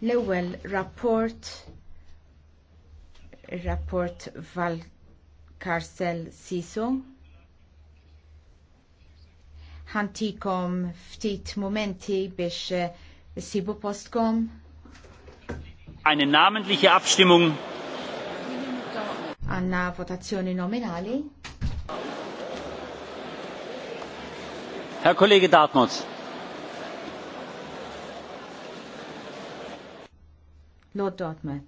L-ewwel rapport rapport Val Karsel Siso. Ħantikom ftit momenti biex eh, sibu postkom. Eine namentliche Abstimmung. Anna votazzjoni nominali. Herr Kollege Dartmouth. Lord Dartmouth.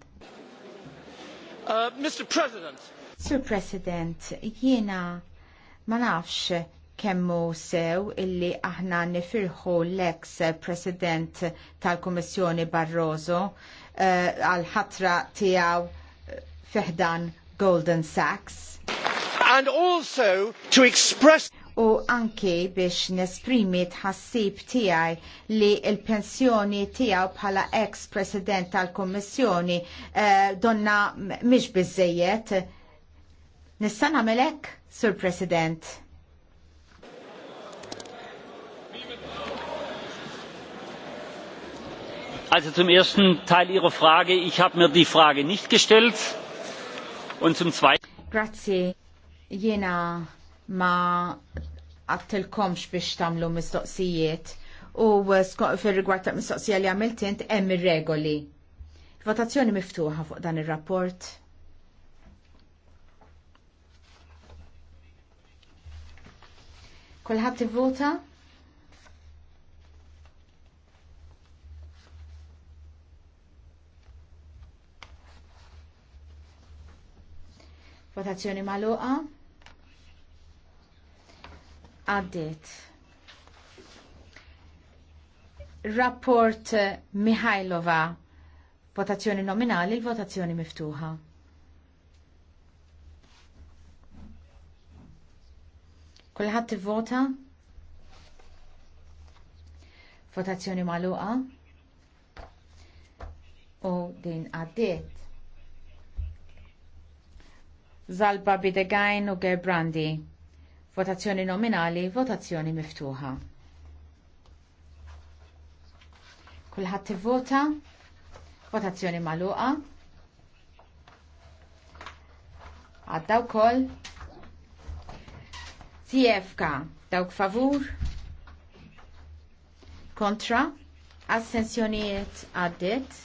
Uh, Mr. President. Sir President, jiena ma nafx kemmu sew illi aħna nifirħu l-ex President tal-Kommissjoni Barroso uh, għal uh, ħatra tiegħu uh, fiħdan Golden Sachs. And also to express u anke biex nesprimi tħassib tiegħi li l-pensjoni tiegħu bħala ex-president tal kummissjoni eh, donna mhix biżejjed. Nista' nagħmel hekk, Sur President? Also zum ersten Teil Ihrer Frage, ich habe mir die Frage nicht gestellt. Und zum zweiten. Grazie. Jena ma għattilkomx biex tamlu mistoqsijiet u uh, fil rigward ta' mistoqsija li għamilt int hemm ir-regoli. Votazzjoni miftuħa fuq dan ir-rapport. Kulħadd ivvota? Votazzjoni magħluqa? għaddiet. Rapport Mihajlova, votazzjoni nominali, votazzjoni miftuħa. Kulħadd vota Votazzjoni magħluqa? U din għaddiet. Zalba Bidegajn u Gerbrandi. Votazzjoni nominali, votazzjoni miftuħa. Kulħadd ivvota, votazzjoni magħluqa. Għadda wkoll. CFK, dawk favur. Kontra. Assenzjonijiet għaddit.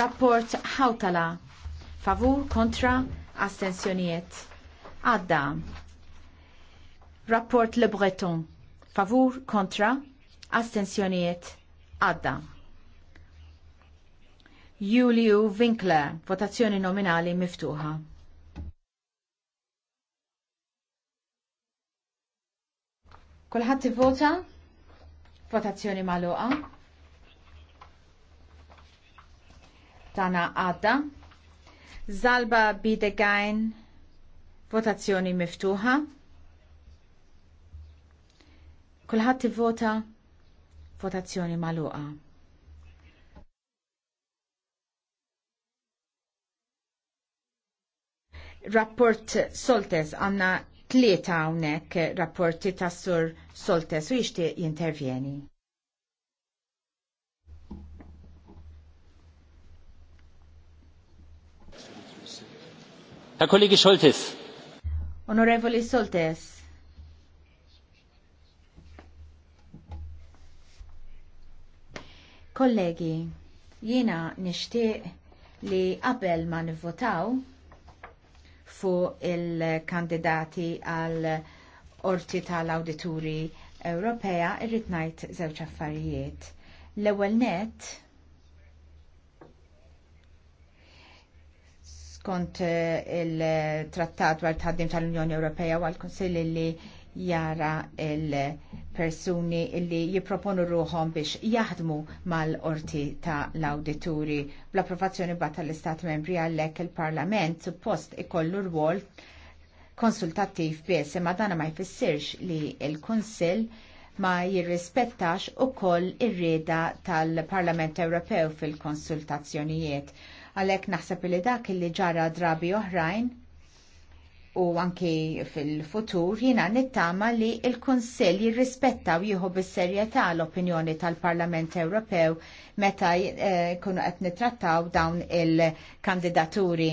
Rapport ħawtala. Favur, kontra, astensjonijiet għadda. Rapport Le Breton. Favur kontra astensjonijiet għadda. Juliu Winkler, votazzjoni nominali miftuħa. Kulħadd vota Votazzjoni magħluqa. Tana għadda. Zalba Bidegajn Votazzjoni miftuħa. Kulħadd ivvota votazzjoni magħluqa. Rapport Soltes għandna tlieta hawnhekk rapporti tas sur Soltes u jixtieq jintervjeni. Herr Kollege Scholtes, Onorevoli Soltes. Kollegi, jiena nixtieq li qabel ma nivvotaw fuq il-kandidati għal orti tal-Awdituri Ewropea irrid ngħid żewġ affarijiet. L-ewwel nett skont eh, il-trattat għal tħaddim tal-Unjoni Ewropea għal konsilli li jara il-persuni li jiproponu ruħom biex jaħdmu mal-orti ta' l auditori Bl-approvazzjoni bat tal-Istat membri għallek il-Parlament suppost ikollu rwol konsultattiv biss imma dana ma jfissirx li il-Konsil ma jirrispettax ukoll ir reda tal-Parlament Ewropew fil-konsultazzjonijiet Għalhekk naħseb li dak li ġara drabi oħrajn u anki fil-futur jina nittama li il-Kunsill jirrispetta u jieħu bis-serjetà l-opinjoni tal-Parlament Ewropew meta jkunu eh, qed nittrattaw dawn il-kandidaturi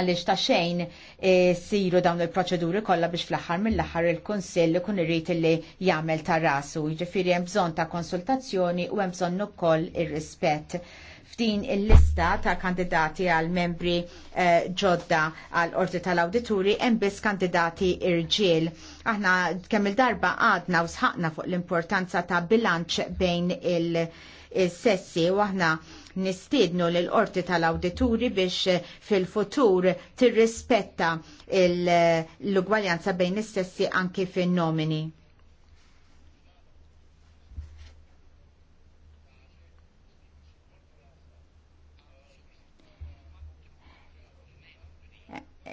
għalix ta' xejn eh, siru dawn il-proċeduri kollha biex fl-aħħar mill-aħħar il-Kunsill ikun irrid li jagħmel ta' rasu. Jiġifieri hemm bżonn ta' konsultazzjoni u hemm bżonn ukoll ir-rispett f'din il-lista ta' kandidati għal membri eh, ġodda għal ordi tal-awdituri hemm biss kandidati irġiel. Aħna kemm il-darba għadna u sħaqna fuq l-importanza ta' bilanċ bejn il-sessi u aħna nistiednu l qorti tal-awdituri biex eh, fil-futur tirrispetta l-ugwaljanza bejn is-sessi anki fin-nomini.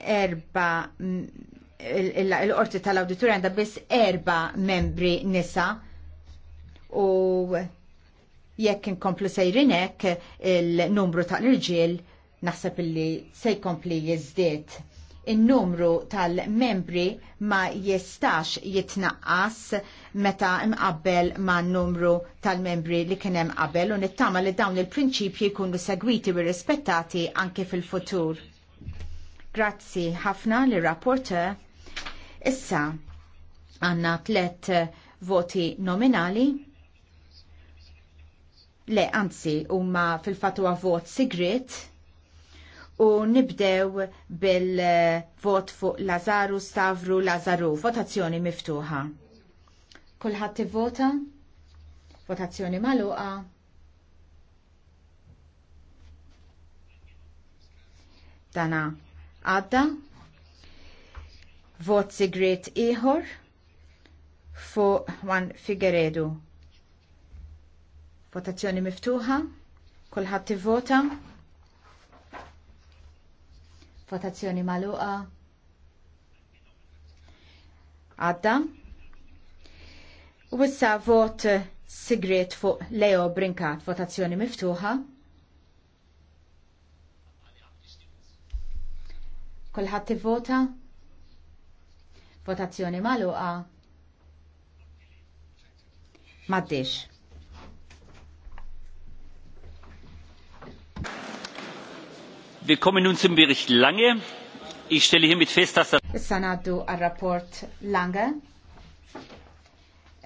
erba mm, l-orti tal-auditorja għandha biss erba membri nisa u jekk inkomplu sejrinek il-numru tal-irġiel naħseb illi se jkompli jizdiet. Il-numru tal-membri ma jistax jitnaqqas meta imqabbel ma numru tal-membri li kienem qabel u nittama li dawn il-prinċipji jkunu segwiti u rispettati anke fil-futur. Grazzi ħafna li rapporter. Issa għanna tlet eh, voti nominali. Le, anzi, umma fil-fatwa vot sigrit u nibdew bil-vot eh, fuq Lazaru, Stavru, Lazaru. Votazzjoni miftuħa. Kulħadd vota? Votazzjoni maluqa. Dana għadda, vot sigret iħor fuq Juan Figgeredu. Votazzjoni miftuħa, kulħadd tivvota. Votazzjoni maluqa. Għadda. U issa vot sigret fuq Leo Brinkat, votazzjoni miftuħa. Kulħadd vota Votazzjoni magħluqa? M'għaddix. Wir kommen nun zum Bericht Lange. Ich stelle hiermit fest, dass das Issa ngħaddu għar-rapport Lange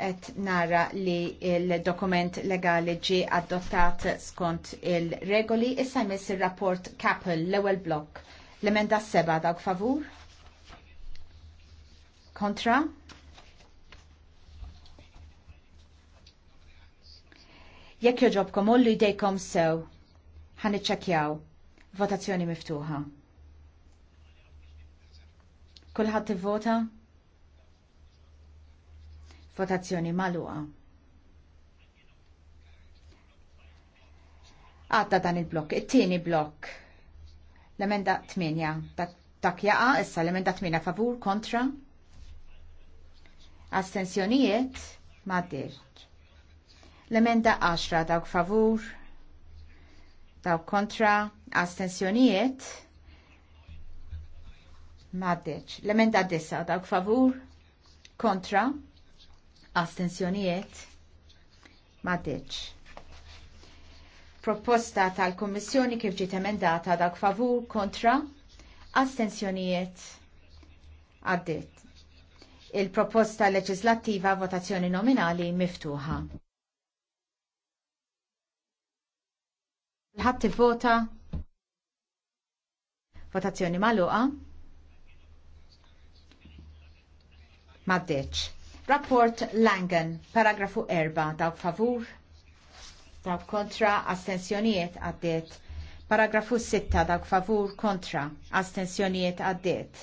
et narra li il-dokument legali ġi adottat skont il-regoli issa jmiss il-rapport Kapel l-ewel blok L-emenda seba dawk favur? Kontra? Jekk joġobkom ullu jdejkom sew, ħaniċċekjaw. Votazzjoni miftuħa. Kulħadd ivvota? Votazzjoni magħluqa. Għadda dan il-blokk, it-tieni blokk. L-emenda 8 dak jaqa, issa l-emenda 8 favur kontra. Astensjonijiet maddir. L-emenda 10 dawk favur, dawk kontra, astensjonijiet maddir. L-emenda 10 dawk favur, kontra, astensjonijiet maddir proposta tal-Kommissjoni kif ġiet emendata dak favur kontra astensjonijiet għaddit. Il-proposta leġislattiva votazzjoni nominali miftuħa. Ħadd vota votazzjoni maluqa. Maddeċ. Rapport Langen, paragrafu 4, dawk favur, dawk kontra astensjonijiet għaddiet. Paragrafu 6 dawk favur kontra astensjonijiet għaddiet.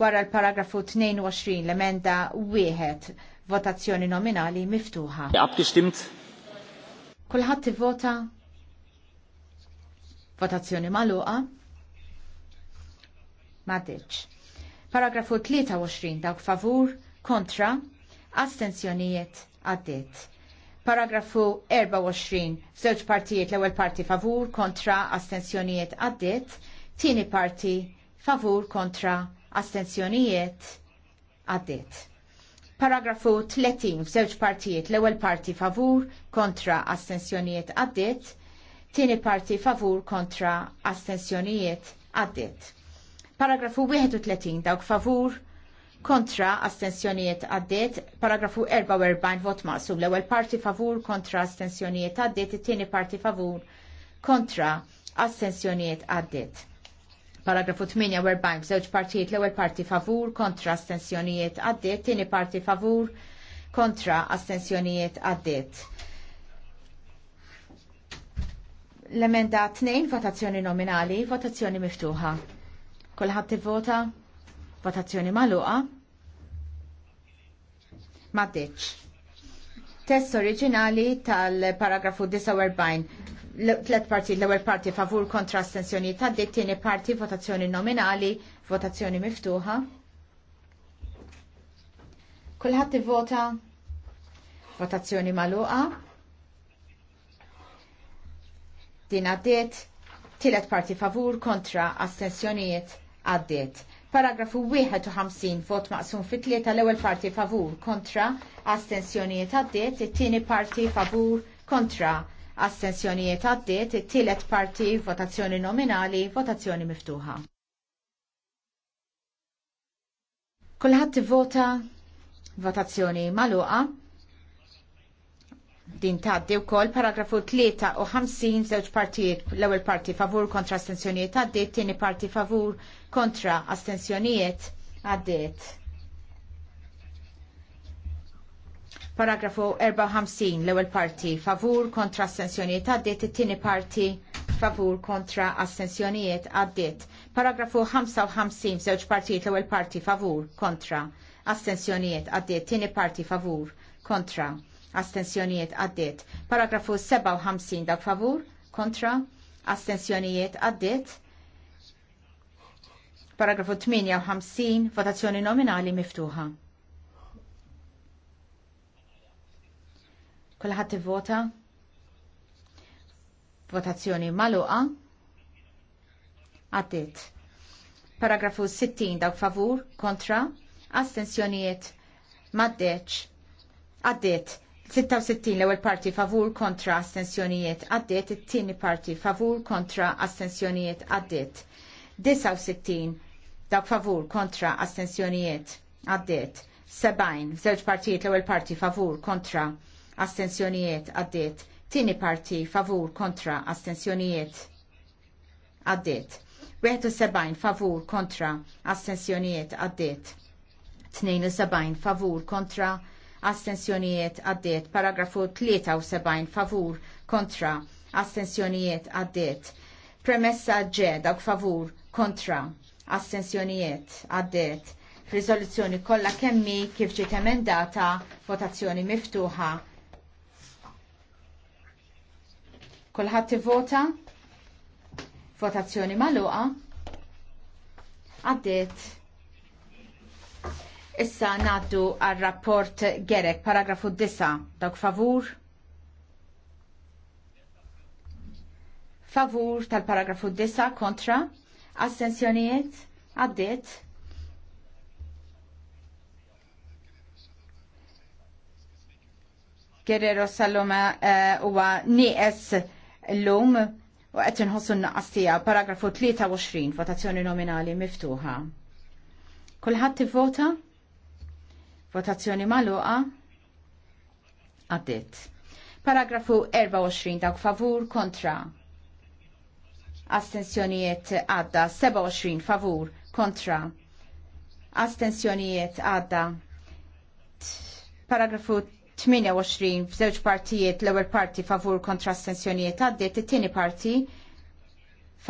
Wara l-paragrafu 22 l-emenda wieħed votazzjoni nominali miftuħa. Abgestimmt. Kulħadd ivvota votazzjoni magħluqa. Madiċ. Paragrafu 23 dawk favur kontra astensjonijiet għaddiet Paragrafu 24, żewġ partijiet l-ewwel parti favur kontra astenzjonijiet għaddit, tieni parti favur kontra astenzjonijiet għaddit. Paragrafu 30, f'żewġ partijiet l-ewwel parti favur kontra astenzjonijiet għaddit, tieni parti favur kontra astenzjonijiet għaddit. Paragrafu 31, dawk favur kontra astensjonijiet għaddiet, paragrafu 44 vot maqsum, l-ewwel parti favur kontra astensjonijiet għaddiet, it-tieni parti favur kontra astensjonijiet għaddiet. Paragrafu 48 b'żewġ partijiet l-ewwel parti favur kontra astensjonijiet għaddiet, tieni parti favur kontra astensjonijiet għaddiet. L-emenda 2 votazzjoni nominali, votazzjoni miftuħa. Kulħadd tivvota? vota Votazzjoni maluqa. Ma ditx. Test oriġinali tal-paragrafu 49 tlet parti, l-ewwel parti favur kontra astensjoni ta' dittini parti votazzjoni nominali, votazzjoni miftuħa. Kulħadd ivvota votazzjoni magħluqa. Din għaddiet, tielet parti favur kontra astensjonijiet għaddiet. Paragrafu 51 vot maqsum fit tlieta l-ewwel parti favur kontra astensjonijiet għaddiet, it-tieni parti favur kontra astensjonijiet għaddiet, it-tielet parti votazzjoni nominali, votazzjoni miftuħa. Kulħadd vota votazzjoni maluqa din taddi u kol paragrafu 3 u 50 zewġ partijiet l ewwel parti favur kontra astensjonijiet għaddit, tieni parti favur kontra astensjonijiet għaddit. Paragrafu 54 l ewwel parti favur kontra astensjonijiet għaddit, it-tieni parti favur kontra astensjonijiet għaddit. Paragrafu 55 żewġ partijiet l ewwel parti favur kontra astensjonijiet għaddit, tieni parti favur kontra astensjonijiet għaddiet. Paragrafu 57 dak favur, kontra, astensjonijiet għaddiet. Paragrafu 58, votazzjoni nominali miftuħa. Kulħadd ivvota. Votazzjoni maluqa. Għaddiet. Paragrafu 60 dak favur, kontra, astensjonijiet maddeċ. Għaddiet 66 l-ewwel parti favur kontra astensjonijiet għaddiet, it-tieni parti favur kontra astensjonijiet għaddiet. 69 dak favur kontra astensjonijiet għaddiet. 70 żewġ partijiet l-ewwel parti favur kontra astensjonijiet għaddiet. Tieni parti favur kontra astensjonijiet għaddiet. 71 favur kontra astensjonijiet għaddiet. 72 favur kontra astensjonijiet għaddiet. Paragrafu 73 favur kontra astensjonijiet għaddiet. Premessa ġe dawk favur kontra astensjonijiet għaddiet. Rizoluzzjoni kollha kemmi kif ġiet emendata votazzjoni miftuħa. Kulħadd ivvota? Votazzjoni magħluqa? Għaddiet Issa naddu għal rapport Gerek, paragrafu 9, dawk favur. Favur tal-paragrafu 9 kontra. Astensjonijiet? Għaddit? Guerrero Saloma eh, huwa uh, nies l-lum u qed inħossu n-naqas paragrafu 23 votazzjoni nominali miftuħa. Kulħadd tivvota? Votazzjoni maluqa. Għaddit. Paragrafu 24 dawk favur kontra. Astensjonijiet għadda 27 favur kontra. Astensjonijiet għadda. Paragrafu 28 f'żewġ partijiet l-ewwel parti favur kontra astensjonijiet għaddit it-tieni parti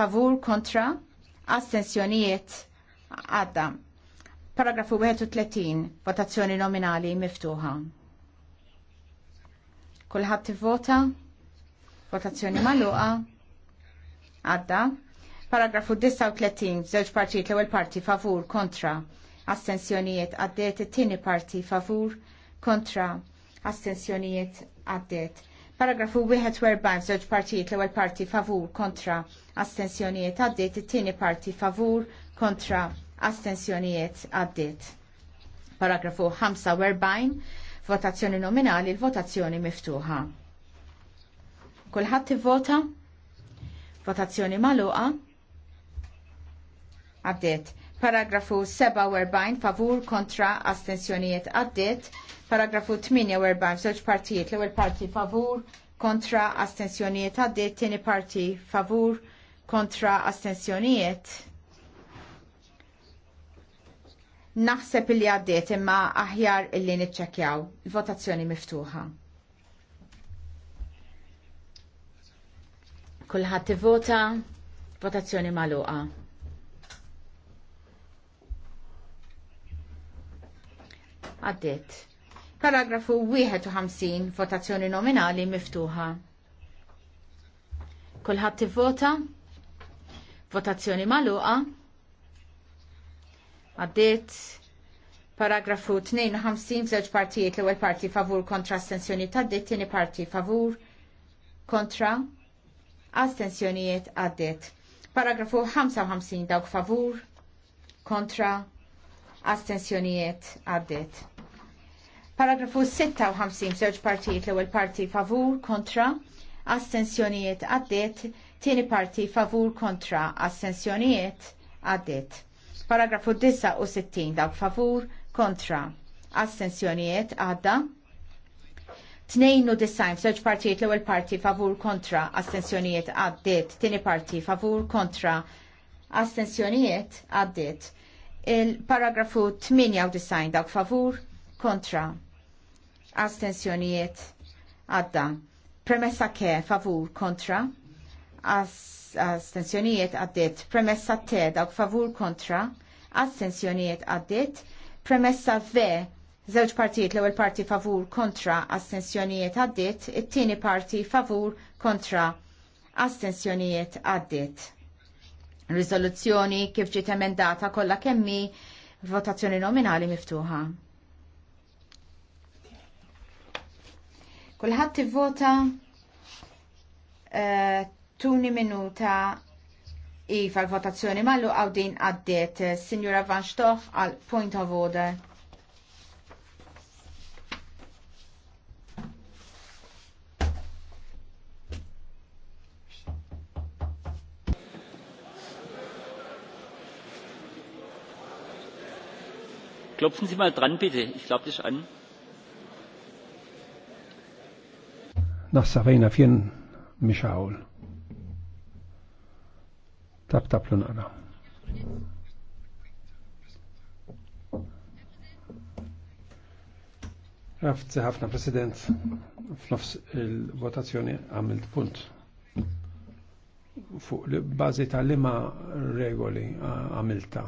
favur kontra astensjonijiet għadda. Paragrafu 31, votazzjoni nominali miftuħa. Kulħadd tivvota, votazzjoni magħluqa, għadda. Paragrafu 39, żewġ partijiet l-ewwel parti favur kontra astensjonijiet għaddiet it-tieni parti favur kontra astensjonijiet għaddiet. Paragrafu 41 żewġ partijiet l-ewwel parti favur kontra astensjonijiet għaddiet it-tieni parti favur kontra astensjonijiet għaddit. Paragrafu 45, votazzjoni nominali, l-votazzjoni miftuħa. Kulħadd vota? votazzjoni magħluqa, għaddit. Paragrafu 47 favur kontra astensjonijiet għaddit. Paragrafu 48 żewġ partijiet l-ewwel parti favur kontra astensjonijiet għaddit, tieni parti favur kontra astensjonijiet Naħseb illi għaddiet imma aħjar illi niċċekjaw. Il-votazzjoni miftuħa. Kulħadd ivota, votazzjoni magħluqa. Għaddiet. Paragrafu 51, votazzjoni nominali miftuħa. Kulħadd ivvota, votazzjoni magħluqa għaddiet paragrafu 52 f'żewġ partijiet l-ewwel parti favur kontra astensjonijiet għaddiet, tieni parti favur kontra astensjonijiet għaddiet. Paragrafu 55 dawk favur kontra astensjonijiet għaddiet. Paragrafu 56 f'żewġ partijiet l-ewwel parti favur kontra astensjonijiet għaddiet, tieni parti favur kontra astensjonijiet għaddiet. Paragrafu 69 dawk favur kontra astensjonijiet għadda. 92 f'żewġ partijiet l-ewwel parti favur kontra astensjonijiet għaddiet, tieni parti favur kontra astensjonijiet għaddiet. Il-paragrafu 98 dawk favur kontra astensjonijiet għadda. Premessa ke favur kontra as astensjonijiet għaddit, premessa T dawk favur kontra, astensjonijiet għaddit, premessa V Żewġ partijiet l-ewwel parti favur kontra astensjonijiet għaddit, it-tieni parti favur kontra astensjonijiet għaddit. Riżoluzzjoni kif ġiet emendata kollha kemmi votazzjoni nominali miftuħa. Kulħadd ivvota uh, tuni minuta iva l-votazzjoni mallu għawdin għaddiet. Eh, Signora Van Stoff għal point of order. Klopfen Sie mal dran, bitte. Ich glaube dich an. Naħsabajna fien miex Tap tap l-naqra. ħafna President, f'nofs il-votazzjoni għamilt punt fuq li bazi ta' lima regoli għamilta.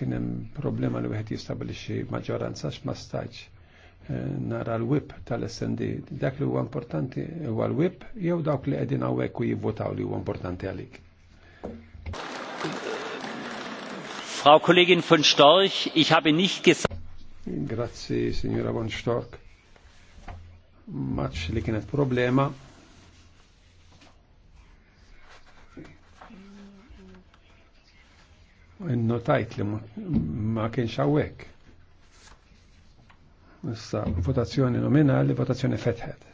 Kien hemm problema li wieħed jistabilixi maġġoranza x'ma stajċ eh, nara l wip tal-SND. Dak li huwa importanti huwa l wip jew dawk li għedin għawek u jivvotaw li huwa importanti għalik. Frau Kollegin von Storch, ich habe nicht gesagt. Grazie, signora von Storch. Maċ li kienet problema. Notajt li ma kienx hawnhekk. Issa votazzjoni nominali, votazzjoni fetħed.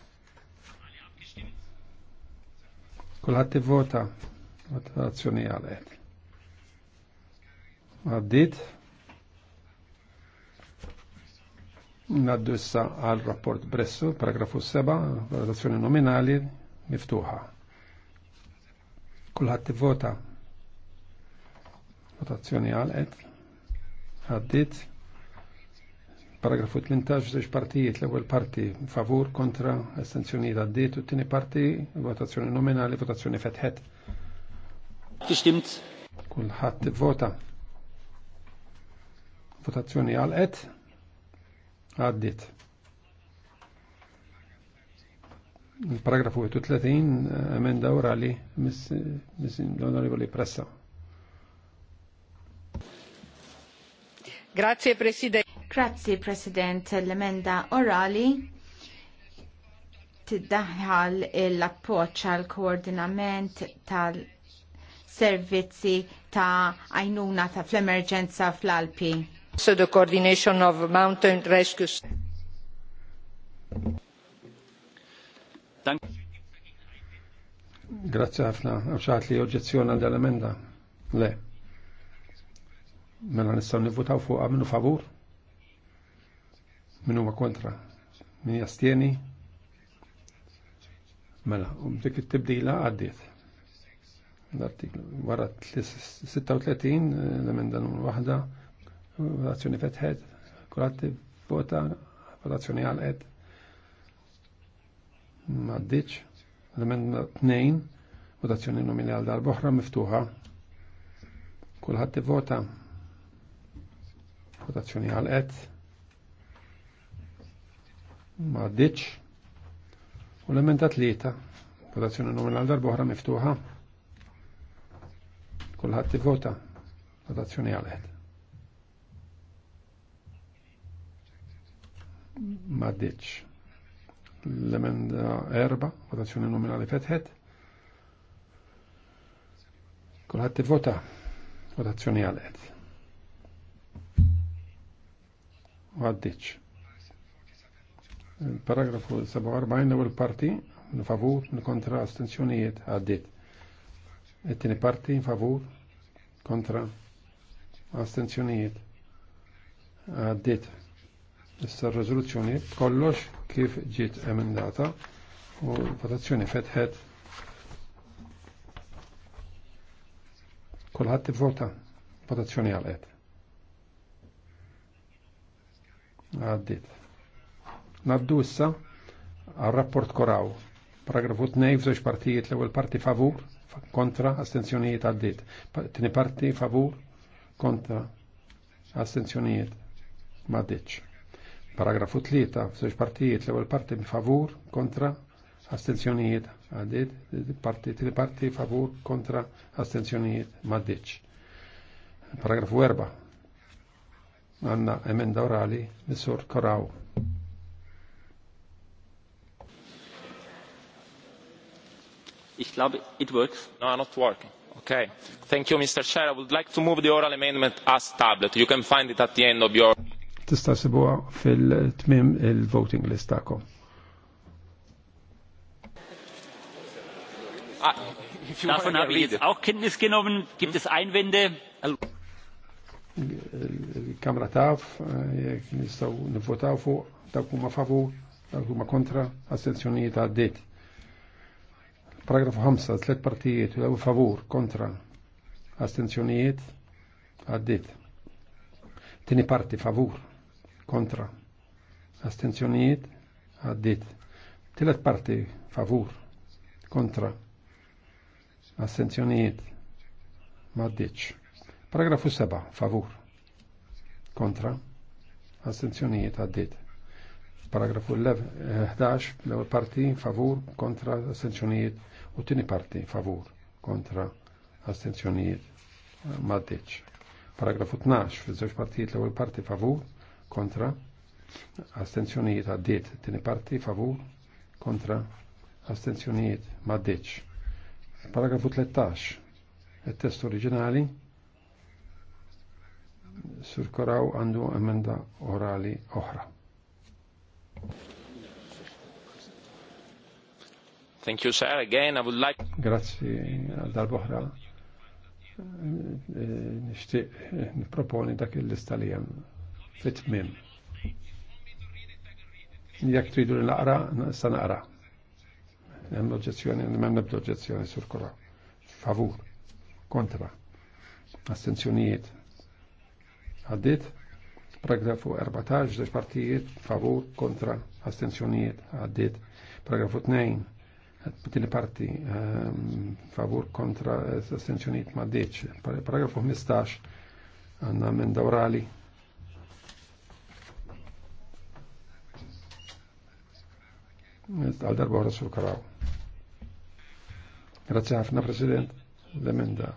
Kulħadd ivvota votazzjoni għalet. Għaddit. Naddu issa għal rapport Bressu, paragrafu 7, votazzjoni nominali, miftuħa. Kulħadd vota. Votazzjoni għalet. Għaddit. Paragrafu 13, zeċ partijiet, l-ewwel parti favur kontra estensjoni għaddit, u t tini parti votazzjoni nominali, votazzjoni fetħet. Tixtimt? Kulħadd vota. Votazzjoni għal-et. Għaddit. Il-paragrafu 30 emenda orali l-onorevoli Pressa. Grazie Presidente. Grazie President. L-emenda orali tiddaħħal l-appoċ għal koordinament tal- servizzi ta' għajnuna ta' fl-emerġenza fl-Alpi. So the coordination of mountain rescues. Grazie ħafna, għabxaħat li oġezzjona dal-emenda. Le. Mela nistaw nivutaw fuq minnu favur? Minnu ma kontra? Min jastieni? Mela, u um, dik it-tibdila għaddiet l-artiklu wara 36 l-emenda numru waħda relazzjoni fetħed kuratti vota relazzjoni għal-ed, maddiċ l-emenda 2 votazzjoni nominali għal darba oħra miftuħa kullħat vota votazzjoni għal għalqet maddiċ u l-emenda 3 votazzjoni nominal darba oħra miftuħa Kulħadd vota, votazzjoni għalhet. Ma ditx. L-emenda erba, votazzjoni nominali fetħet. Kulħadd vota, votazzjoni Maddiċ. il Paragrafu 47 l parti n favur, kontra astenzjonijiet għaddit it-tieni parti favur kontra astenzjonijiet għaddit. Issa r-rezoluzzjoni kollox kif ġiet emendata u votazzjoni fetħet Kulħadd vota. votazzjoni għalqet. Għaddit. Naddu issa għal rapport koraw. Paragrafu 2 f'żewġ partijiet l-ewwel parti favur kontra astenzjonijiet għaddit. Tini parti favur kontra astenzjonijiet maddiċ. Paragrafu tlieta, f'żewġ partijiet, l ewel parti favur kontra astenzjonijiet għaddit, parti tini parti favur kontra astenzjonijiet maddiċ. Paragrafu erba. għanna emenda orali, missur koraw. Ich glaube, it works. No, not working. Okay. Thank you, Mr. Chair. I would like to move the oral amendment as tablet. You can find it at the end of your... Tista' sibuha fil-tmim il-voting list tagħkom. Davon habe ich jetzt auch Kenntnis genommen. Gibt es Einwände? kamra taf, jek nistaw nivotaw fuq, dawk huma favur, dawk huma kontra, astenzjonijiet għaddiet. Paragrafu 5, tlet partijiet, u favur, kontra, astenzjonijiet, għaddit. Tini parti, favur, kontra, astenzjonijiet, għaddit. Tilet parti, favur, kontra, astenzjonijiet, maddiċ. Paragrafu 7, favur, kontra, astenzjonijiet, għaddit paragrafu 11, l ewel parti favur kontra astensjonijiet u tini parti favur kontra astenzjonijiet eh, maddeċ. Paragrafu 12 fi żewġ partijiet l-ewwel parti favur kontra astenzjonijiet għaddiet tini parti favur kontra astenzjonijiet maddeċ. Paragrafu 13 il-test oriġinali surkoraw għandu emenda orali oħra. Thank you, sir. Again, I would like... Grazie, dal-bohra. Nishtiq, niproponi dak il-lista li jem fit Jek tridu li naqra, sa naqra. Hemm l oġezzjoni hemm nebda oġezzjoni sur kura. Favur, kontra, astenzjonijiet. Għaddit, paragrafu 14, żewġ partijiet, favur, kontra, astenzjonijiet. Għaddit, paragrafu 2, Tili parti ehm, favur kontra eh, astensjoniet ma deċ. Paragrafu 15 għanna menda dawrali. Għal darba għora sul karaw. Grazie għafna, President. L-emenda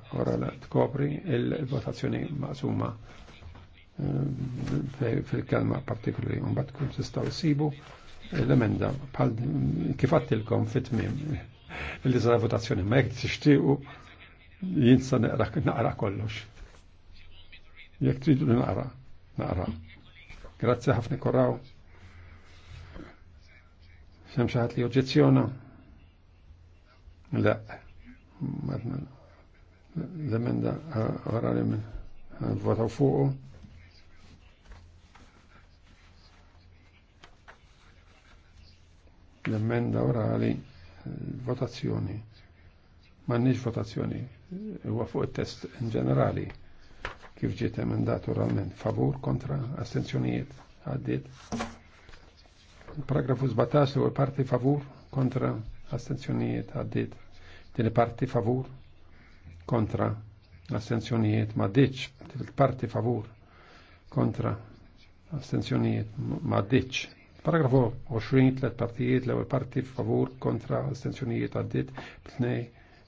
t-kopri il-votazzjoni maqsuma ehm, fil-kelma partikolari. Un bat kun sistaw sibu l-emenda bħal kif għattilkom fit-tmim li sara votazzjoni ma jekk tixtiequ jinsa naqra kollox. Jekk tridu naqra, naqra. Grazzi ħafna korraw. Sem xaħat li oġezzjona. La, l-emenda orali minn votaw fuqu. l-emenda orali votazzjoni. nix votazzjoni, huwa fuq il-test in generali kif ġiet emendat oralment favur kontra astenzjonijiet għaddit Paragrafu 17 huwa parti favur kontra astenzjonijiet għaddit din parti favur kontra astenzjonijiet ma ditx, parti favur kontra astenzjonijiet ma ditx Paragrafu 20, tlet partijiet, l parti favur kontra astenzjonijiet għaddit, tnej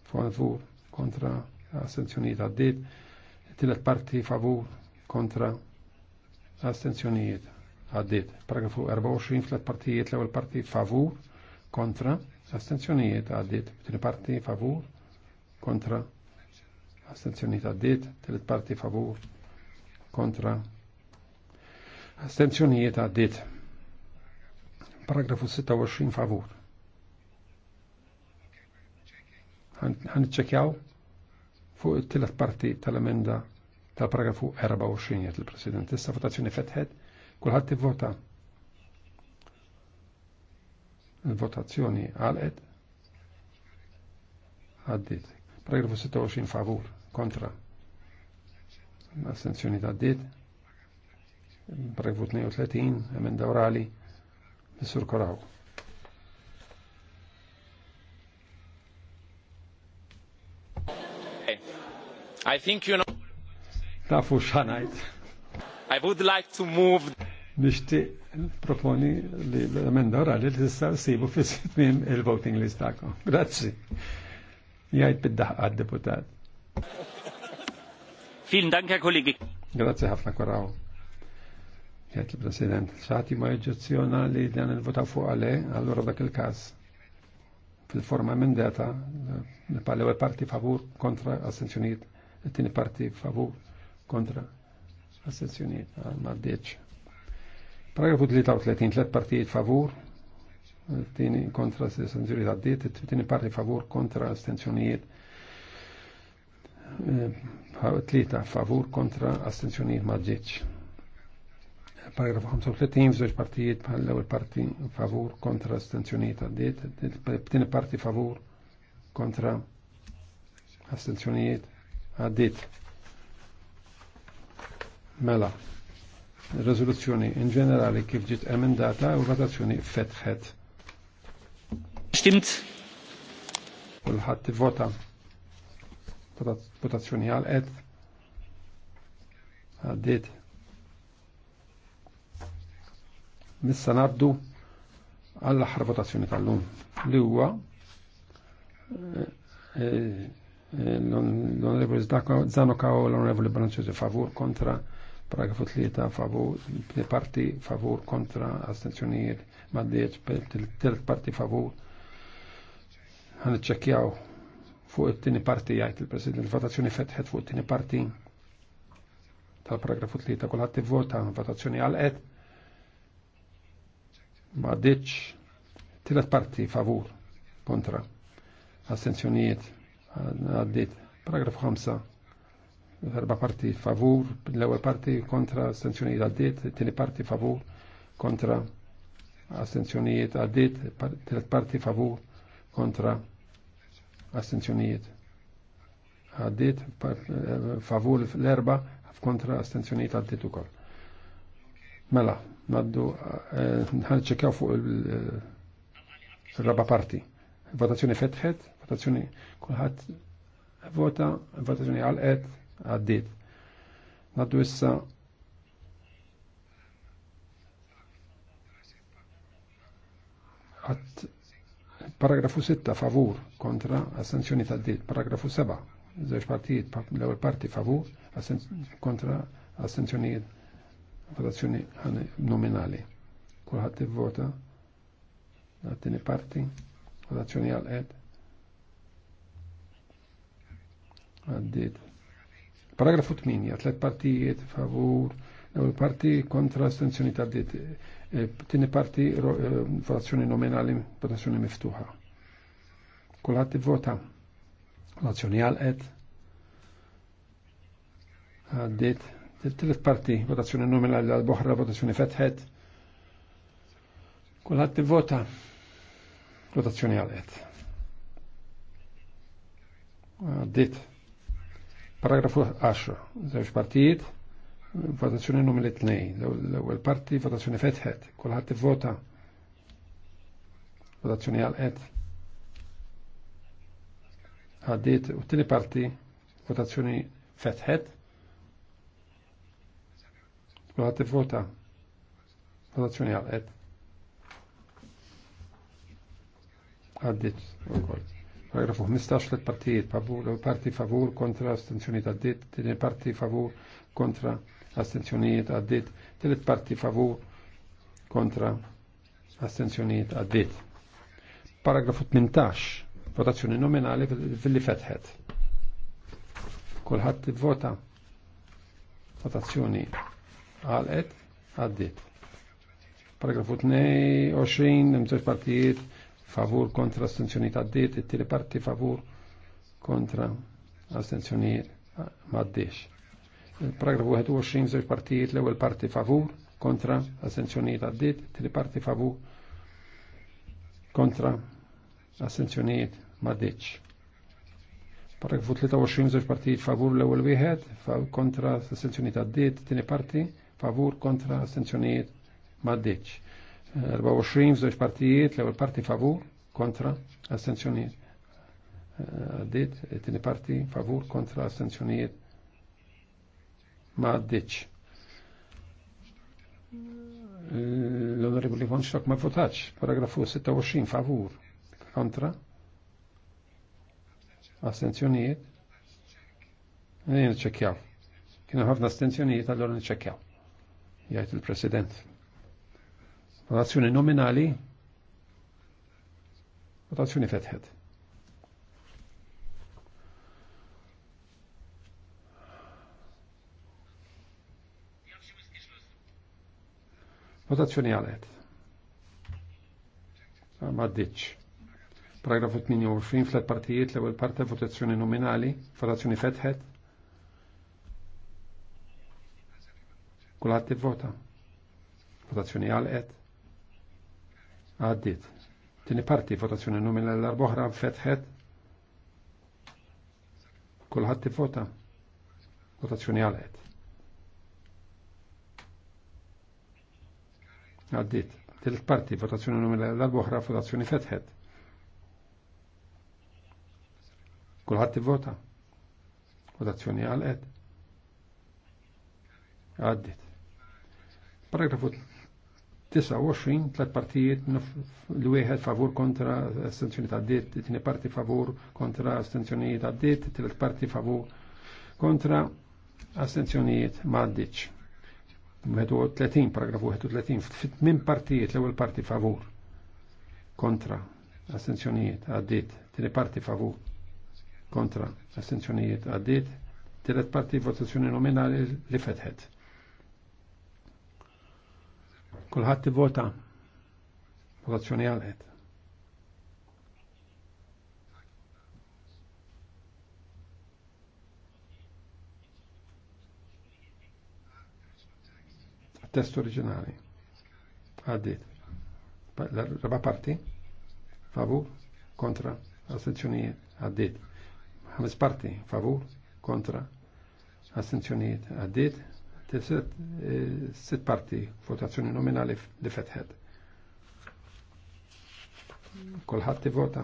favur kontra astenzjonijiet għaddit, tlet parti favur kontra astenzjonijiet għaddit. Paragrafu 24, tlet partijiet, l-ewwel parti favur kontra astenzjonijiet għaddit, tini parti favur kontra astenzjonijiet għaddit, tlet parti favur kontra astenzjonijiet għaddit. Paragrafu 26 favur. Għan ċekjaw fuq il tielet parti tal-emenda tal-paragrafu 24 jgħid il-President. Issa votazzjoni fetħed, kullħat t-vota. Il-votazzjoni għal-ed. għaddit. Paragrafu 26 favur, kontra. Assenzjoni għaddit. Paragrafu 32, emenda orali. Mr. Karaw. I think you know. Tafu xanajt. I would like to move. Nishti proponi li l-emenda orali li tista' sibu fi sitmim il-voting list tako. Grazzi. Jajt bid-daħqa deputat Vielen Dank, Herr Kollege. Grazie ħafna koraw. Jgħet il-President, xaħti ma jġezzjona li dan il-vota fuq għale, għallura dak il-kas. Fil-forma mendata, nipallew il parti favur kontra assenzjoniet, l-tini parti favur kontra assenzjoniet, ma d-deċ. Paragrafu 33, tlet partijiet favur, tini kontra astenzjoniet għaddiet, tini parti favur kontra astenzjoniet, eh, tlita favur kontra astenzjoniet maġġieċ. Paragrafu 35, f'żewġ partijiet bħal l-ewwel parti favur kontra astenzjonijiet għaddiet, tieni parti favur kontra astenzjonijiet għaddiet. Mela, rezoluzzjoni in ġenerali kif ġiet emendata u votazzjoni fetħet. Stimmt. U l-ħatti vota. Votazzjoni għal qed. Għaddiet. Missa naddu għall-aħħar votazzjoni tal-lum li huwa eh, eh, l-Onorevoli Zanoka u l-Onorevoli Branċosi favur kontra paragrafu tlieta favur, parti favur kontra astenzjonijiet, maddeċ, telt parti favur. Għan iċċekjaw fuq it-tini parti jgħid il-President, il-votazzjoni fetħet fuq it-tini parti tal-paragrafu tlieta kulħadd vota votazzjoni għal qed ma ditx tilet parti favur kontra astenzjonijiet għaddit paragraf 5 erba parti favur l-ewwel parti kontra astenzjonijiet għaddit tini parti favur kontra astenzjonijiet għaddit tilet parti favur kontra astenzjonijiet għaddit eh, favur l-erba kontra astenzjonijiet għaddit kol mela naddu eh, ħanċekjaw fuq eh, il-raba parti. Votazzjoni fetħet, votazzjoni kulħadd vota, votazzjoni għal-et, għaddit. Naddu issa għat paragrafu 6 favur kontra assenzjoni ta' dit, paragrafu 7 zewġ partijiet, l ewel parti favur kontra assenzjonijiet votazzjoni nominali. Kulħat ivvota għat-tieni parti, votazzjoni għal ed Għaddit. Paragrafu 8, tliet partijiet favur, l e, parti kontra astenzjoni tad għaddit. Tini parti votazzjoni nominali, votazzjoni miftuħa. Kulħadd vota votazzjoni għal qed. Għaddit. Il-tret parti, votazzjoni nominali għal-boħra, votazzjoni fetħet. Kulħadd vota votazzjoni għalet. Għaddit. Paragrafu 10, żewġ partijiet, votazzjoni nominali tnej, l-ewwel parti, votazzjoni fetħet. Kulħadd vota votazzjoni għalet. Għaddit u t-tieni parti, votazzjoni fetħet. Mela għat vota. Votazzjoni għal-qed. Għaddit. Paragrafu 15 tlet partijiet. parti favur kontra astenzjoniet għaddit. Tieni parti favur kontra astenzjoniet għaddit. Tilet parti favur kontra astenzjoniet għaddit. Paragrafu 18. Votazzjoni nominali fil-li fetħet. Kolħat vota. Votazzjoni għalqet għaddit. Paragrafu 22, nimżoġ partijiet favur kontra astenzjoniet għaddit, it-tieni parti favur kontra astenzjoni maddiex. Paragrafu 21, żewġ partijiet l-ewwel parti favur kontra astenzjoniet għaddit, it-tieni parti favur kontra astenzjoni maddiċ. Paragrafu 23 żewġ partijiet favur l-ewwel wieħed, kontra għaddit, it tieni parti favur kontra astenzjonijiet maddiċ. 24 f'żewġ partijiet, l-ewwel parti favur kontra astenzjonijiet. Eh, għaddit, it-tieni parti favur kontra astenzjonijiet maddiċ. Eh, L-Onorevoli Von Stock ma votaċ, paragrafu 26 favur kontra astenzjonijiet. Nien ċekjaw. Kienu ħafna astenzjonijiet, allora nċekjaw jgħid il-President. Votazzjoni nominali, votazzjoni fetħed. Votazzjoni għalet. Ma Maddiċ. Paragrafu 28 fl-partijiet l-ewel parte votazzjoni nominali, votazzjoni fetħed. t vota? Votazzjoni għalqet. Għaddit. Tieni parti votazzjoni numil l-arboħra fetħet. t-vota. Votazzjoni għalqet. Għaddit. Tilt parti votazzjoni numil l-arboħra votazzjoni fetħet. t vota? Votazzjoni għalqet. Għaddit. Paragrafu 29, tlet partijiet, l-wieħed favur kontra astenzjoni ta' ditt, it-tieni parti favur kontra astenzjoni ta' ditt, tlet parti favur kontra astenzjonijiet ma' ditx. 30, paragrafu 31, fit min partijiet, l-ewwel parti favur kontra astenzjonijiet għaddit, tini parti favur kontra astenzjonijiet għaddit, tielet parti votazzjoni nominali li fetħet. Kulħadd vota. Votazzjoni għalħet. Test originali. Għaddit. Raba parti. Favur. Kontra. Astenzjonijiet. Għaddit. Ħames parti. Favur. Kontra. Astenzjonijiet. Għaddit. Eh, sit parti votazzjoni nominali li fetħed. Kolħat vota.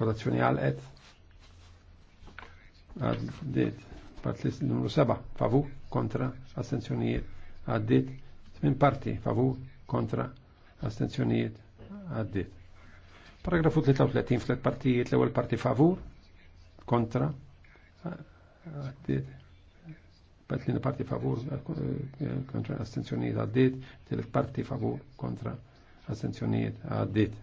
Votazzjoni għal-et. Għaddit. Partlist numru 7. Favu, kontra, astenzjonijiet. Għaddit. Tmin parti. Favu, kontra, astenzjonijiet. Għaddit. Paragrafu 33 flet partijiet l parti favur, kontra, għaddit bat li eh, parti favur kontra astenzjoniet għaddit, tilet parti favur kontra astenzjoniet għaddit.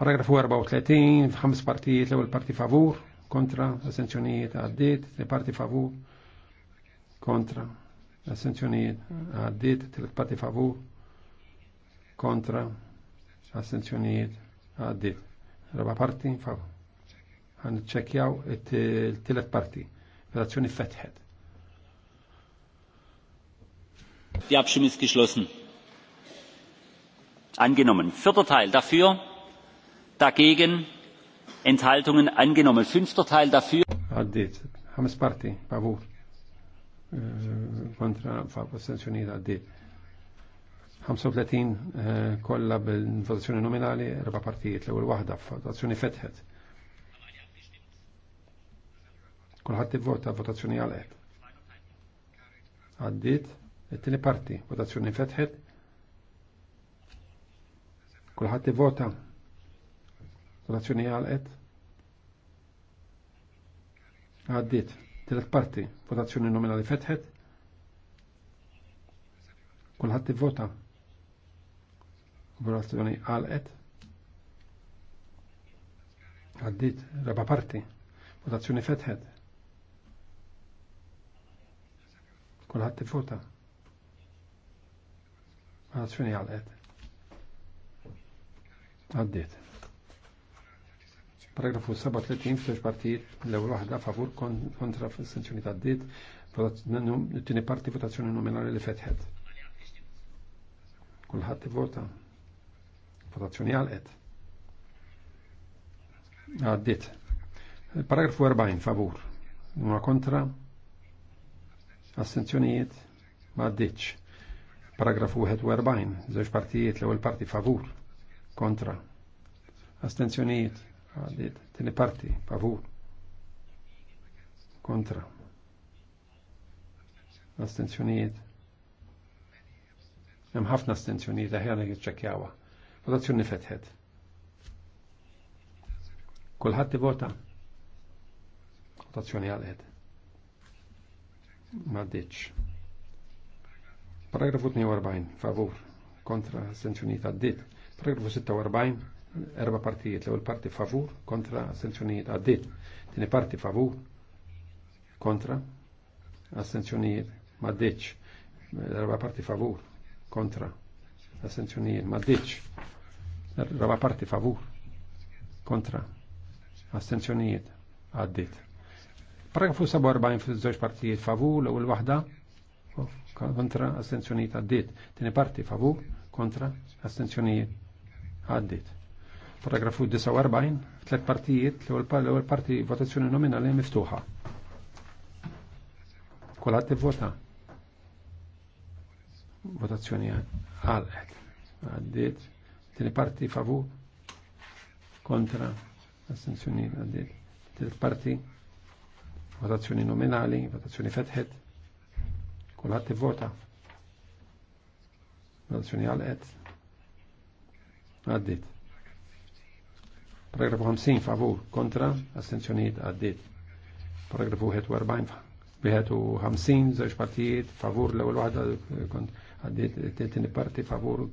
Paragrafu 34, f'ħams partijiet l-ewwel parti favur kontra astenzjoniet għaddit, tilet parti favur kontra astenzjoniet għaddit, tilet parti favur kontra astenzjoniet għaddit. Raba parti favur. Għan ċekjaw it-tilet parti relazzjoni fetħed. Die Abstimmung ist geschlossen. Angenommen. Vierter Teil dafür, dagegen, Enthaltungen angenommen. Fünfter Teil dafür. Addit. Hamas parti, pavur. Eh, kontra, astensjoniet Addit. Hamas eh, kollha bil-votazzjoni nominali, erba' partijiet l-ewwel waħda f'votazzjoni fetħet. Kulħadd ivvota votazzjoni għalqet. Għaddiet it-tieni parti, votazzjoni fetħet. Kulħadd ivvota votazzjoni għalqet. Għaddiet tielet parti, votazzjoni nominali fetħet. Kulħadd ivvota votazzjoni għalqet. Għaddit, raba parti, votazzjoni fetħet. Kulħadd tifota. Għad x'inhi għalqet. Għaddit. Paragrafu 37 f'żewġ partijiet l ewel wahda favur kontra fis-sanzjoni għaddit, t-tini parti votazzjoni nominali li fetħet. Kulħadd tivota. Votazzjoni għalqet. Għaddit. Paragrafu 40 favur. Una kontra Assenzjonijiet ma ditx. Paragrafu 41, zewġ partijiet l-ewwel parti favur, kontra. Astenzjonijiet għaddit, tini parti favur, kontra. Astenzjonijiet. Hemm ħafna astenzjonijiet aħjar li jiċċekkjawha. Votazzjoni fetħet. Kulħadd ivota. Votazzjoni għalqet maddiċ. Paragrafu 42, favur, kontra ta' dit. Paragrafu 46, erba partijiet, l-ewwel parti favur, kontra ta' dit. Tieni parti favur, kontra astenzjonijiet maddiċ. Erba parti favur, kontra astenzjonijiet maddiċ. Erba parti favur, kontra astenzjonijiet għaddit. Paragrafu 47 fil-żewġ partijiet favu l-ewwel waħda kontra astenzjonijiet għaddiet. Tieni parti favu kontra astenzjonijiet għaddiet. Paragrafu 49 tliet partijiet l-ewwel parti votazzjoni nominali miftuħa. Kulħadd ivvota. Votazzjoni għalqet. Għaddiet. Tieni parti favu kontra astenzjonijiet għaddiet. Tieni parti Votazzjoni nominali, votazzjoni fetħet. Kulħadd vota Votazzjoni għal-et, Għaddit. Paragrafu 50 favur kontra, astenzjoniet għaddit. Paragrafu 41 50 żewġ partijiet favur l ewel wahda għaddit t-tini parti favur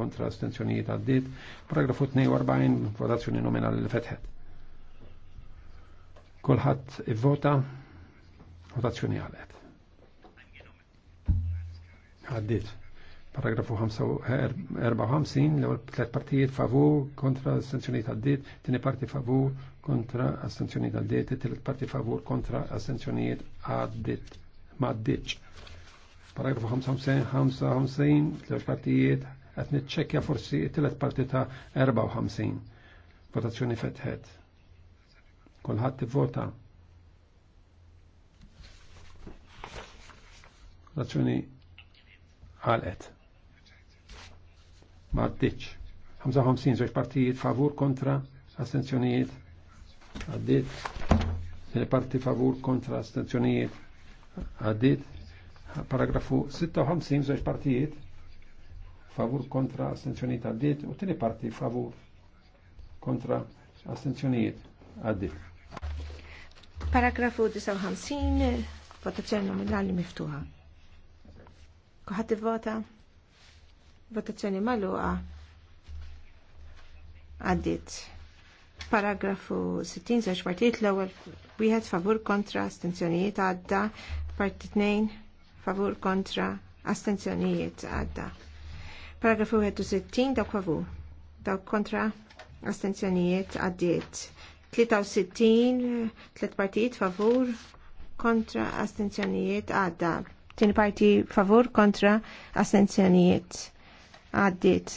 kontra astenzjoniet għaddit. Paragrafu 42 votazzjoni nominali l fetħet. Kolħat vota votazzjoni għalet. Għaddit. Paragrafu 54, l-ewwel tlet partijiet favur kontra astenzjoni għaddit, tini parti favur kontra astenzjoni għaddit, tlet parti favur kontra astenzjoni għaddit. Ma Paragrafu 55, 55, tliet partijiet qed niċċekkja forsi tlet tielet parti ta' 54. Votazzjoni fetħet. Kolħat vota. Razzjoni għalqet. Maddiċ. 55 zoċ partijiet favur kontra astenzjonijiet. Għaddit. Parti favur kontra astenzjonijiet. Għaddit. Paragrafu 56 zoċ partijiet favur kontra astenzjonijiet għaddit u tini parti favur kontra astenzjonijiet għaddit. Paragrafu 59, votazzjoni nominali miftuħa. Kuħat vota votazzjoni maluqa għaddit. Paragrafu 60, zaċ partijiet l-ewel, wieħed favur kontra astenzjonijiet għadda, partijiet 2 favur kontra astenzjonijiet għadda. Paragrafu 61, dawk favur, dawk kontra astenzjonijiet għaddit. 63, tlet partijiet favur kontra astenzjonijiet għadda. Tieni parti favur kontra astenzjonijiet għaddit.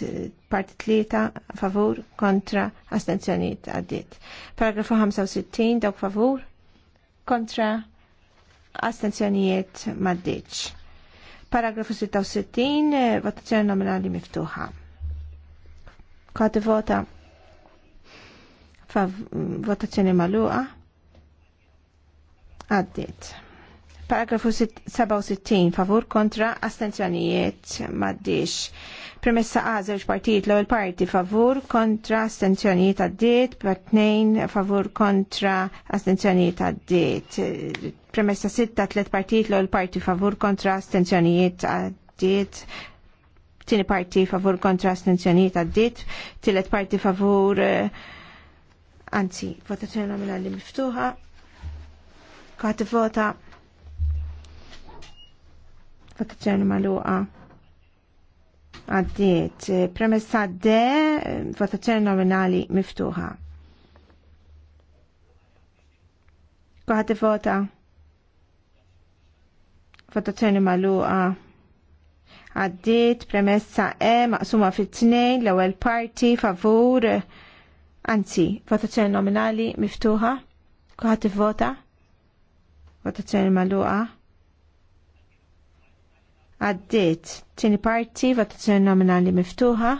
Parti tlieta favur kontra astenzjonijiet għaddit. Paragrafu 65 dawk favur kontra astenzjonijiet maddiċ. Paragrafu 66, votazzjoni nominali miftuħa. Kati vota fa' votazzjoni maluqa għaddit. Paragrafu 67 favur kontra astenzjonijiet maddix. Premessa A zewġ partijiet l-ewwel parti favur kontra astenzjonijiet għaddiet, tnejn favur kontra astenzjonijiet għaddiet. Premessa 6, tliet partijiet l-ewwel parti favur kontra astenzjonijiet għaddiet Tini parti favur kontra astenzjonijiet għaddiet, Tillet parti favur uh, anzi, votazzjoni nominali miftuħa, kħat vota, votazzjoni maluqa għaddiet. Premessa D, votazzjoni nominali miftuħa. Kuħat vota? Votazzjoni maluqa. Għaddiet premessa E maqsuma fit-tnejn l-ewwel parti favur Anzi, votazzjoni nominali miftuħa. Kuħat vota Votazzjoni maluqa. Għaddiet. Tieni parti, votazzjoni nominali miftuħa.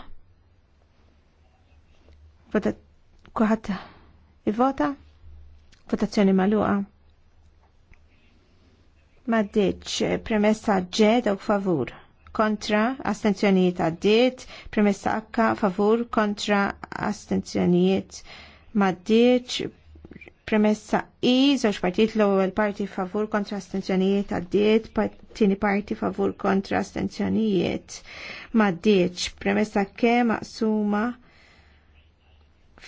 Kuħat vota Votazzjoni maluqa. ditx, premessa ġed u favur kontra astenzjonijiet għaddiet, premessa akka favur kontra astenzjonijiet maddiet, premessa i, zoċ partijiet l-ewwel parti favur kontra astenzjonijiet għaddiet, tieni parti favur kontra astenzjonijiet maddiet, premessa ke maqsuma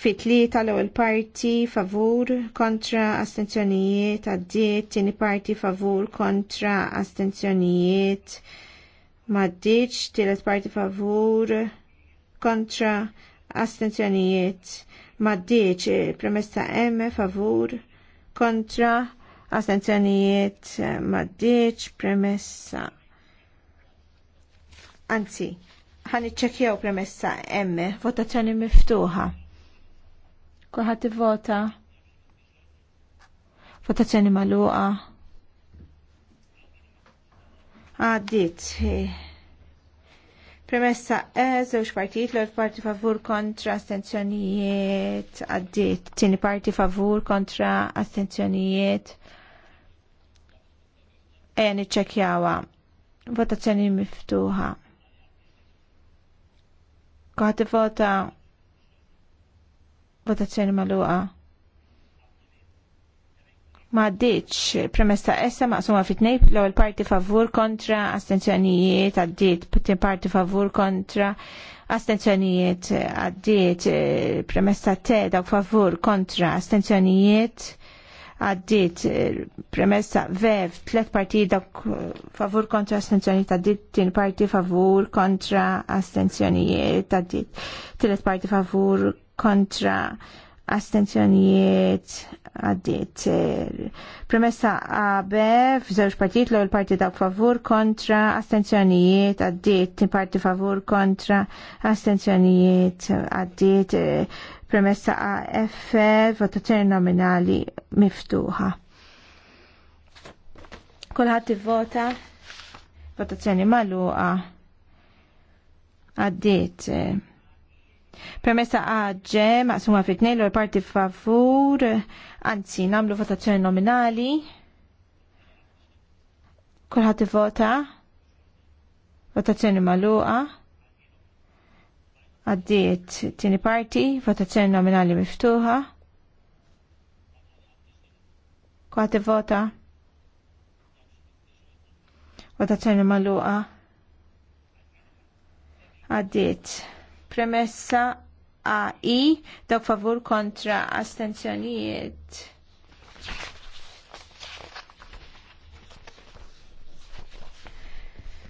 fit tlieta l-ewwel parti favur kontra astenzjonijiet għaddiet, tieni parti favur kontra astenzjonijiet maddiċ, tielet parti favur kontra astenzjonijiet maddiċ, eh, premessa M favur kontra astenzjonijiet maddiċ, premessa. Anzi, ħan iċċekjaw premessa M, votazzjoni miftuħa. Kulħadd ivvota. Votazzjoni magħluqa għaddit. Premessa E, żewġ partijiet, l parti favur kontra astenzjonijiet għaddit, tini parti favur kontra astenzjonijiet. Eja niċċekjawa. Votazzjoni miftuħa. Kħati vota votazzjoni maluqa ma ditx premessa essa maqsuma fit nejb l ewwel parti favur kontra astenzjonijiet putin parti favur kontra astenzjonijiet għaddit premessa te dawk favur kontra astenzjonijiet għaddit premessa vev tlet parti dawk favur kontra astenzjonijiet għaddit tin parti favur kontra astenzjonijiet għaddit tlet parti favur kontra astenzjonijiet għaddit. Premessa AB f'żewġ partijiet l parti ta' favur kontra astenzjonijiet għaddit, parti favur kontra astenzjonijiet għaddit. Premessa AF votazzjoni nominali miftuħa. Kulħadd vota votazzjoni magħluqa għaddit. Permessa għagġe maqsuma fit nejlu l-parti favur, anzi namlu votazzjoni nominali. Kulħat vota. Votazzjoni maluqa. Għaddiet tini parti, votazzjoni nominali miftuħa. Kulħat vota. Votazzjoni maluqa. Għaddiet. Premessa a I dawk favur kontra astenzjonijiet.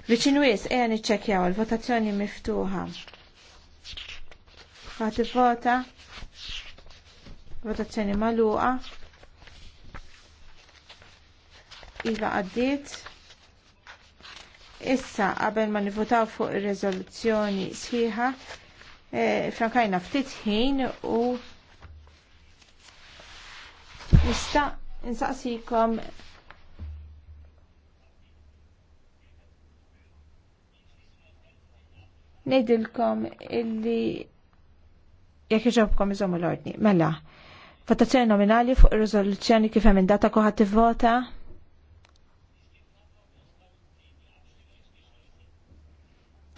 Viċin wis, eja niċċekjaw, il-votazzjoni miftuħa. Għati vota, votazzjoni maluqa. Iva għaddit. Issa, qabel ma nivotaw fuq ir-rezoluzzjoni sħiħa, Eh, frankajna ftit ħin u nista' nsaqsikom ngħidilkom illi jekk iġobkom iżommu l-ordni. Mela, votazzjoni nominali fuq ir-riżoluzzjoni kif hemm data kuħat tivvota.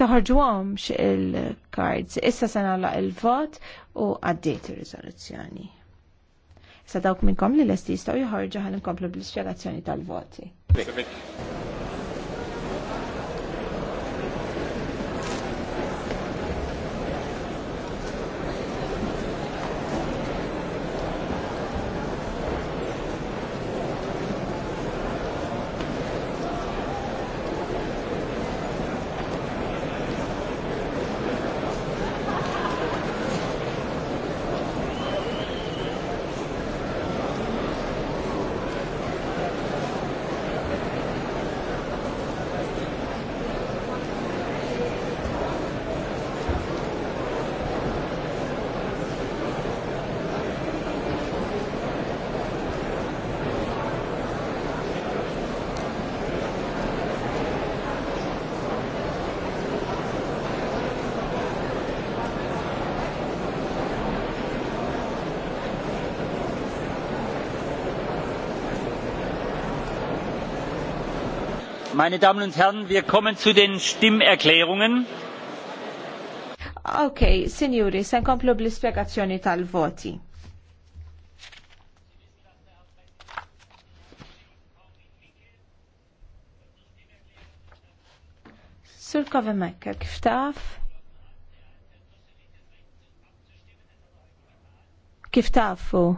taħarġuhomx il-cards. Issa se nagħlaq il-vot u għaddejt ir-riżoluzzjoni. Issa dawk minnkom li lesti jistgħu jħorġu ħan inkomplu bl spjegazzjoni tal-voti. Meine Damen und Herren, wir kommen zu den Stimmerklärungen. Ok, signori, sen komplu bl-ispiegazzjoni tal-voti. Sur Kovemekka, kif taf? Kif tafu?